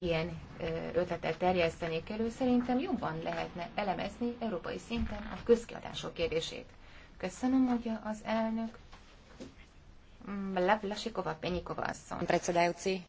ilyen ötletet terjesztenék elő, szerintem jobban lehetne elemezni európai szinten a közkiadások kérdését. Köszönöm, hogy az elnök mm, Levlasikova Penyikova asszony.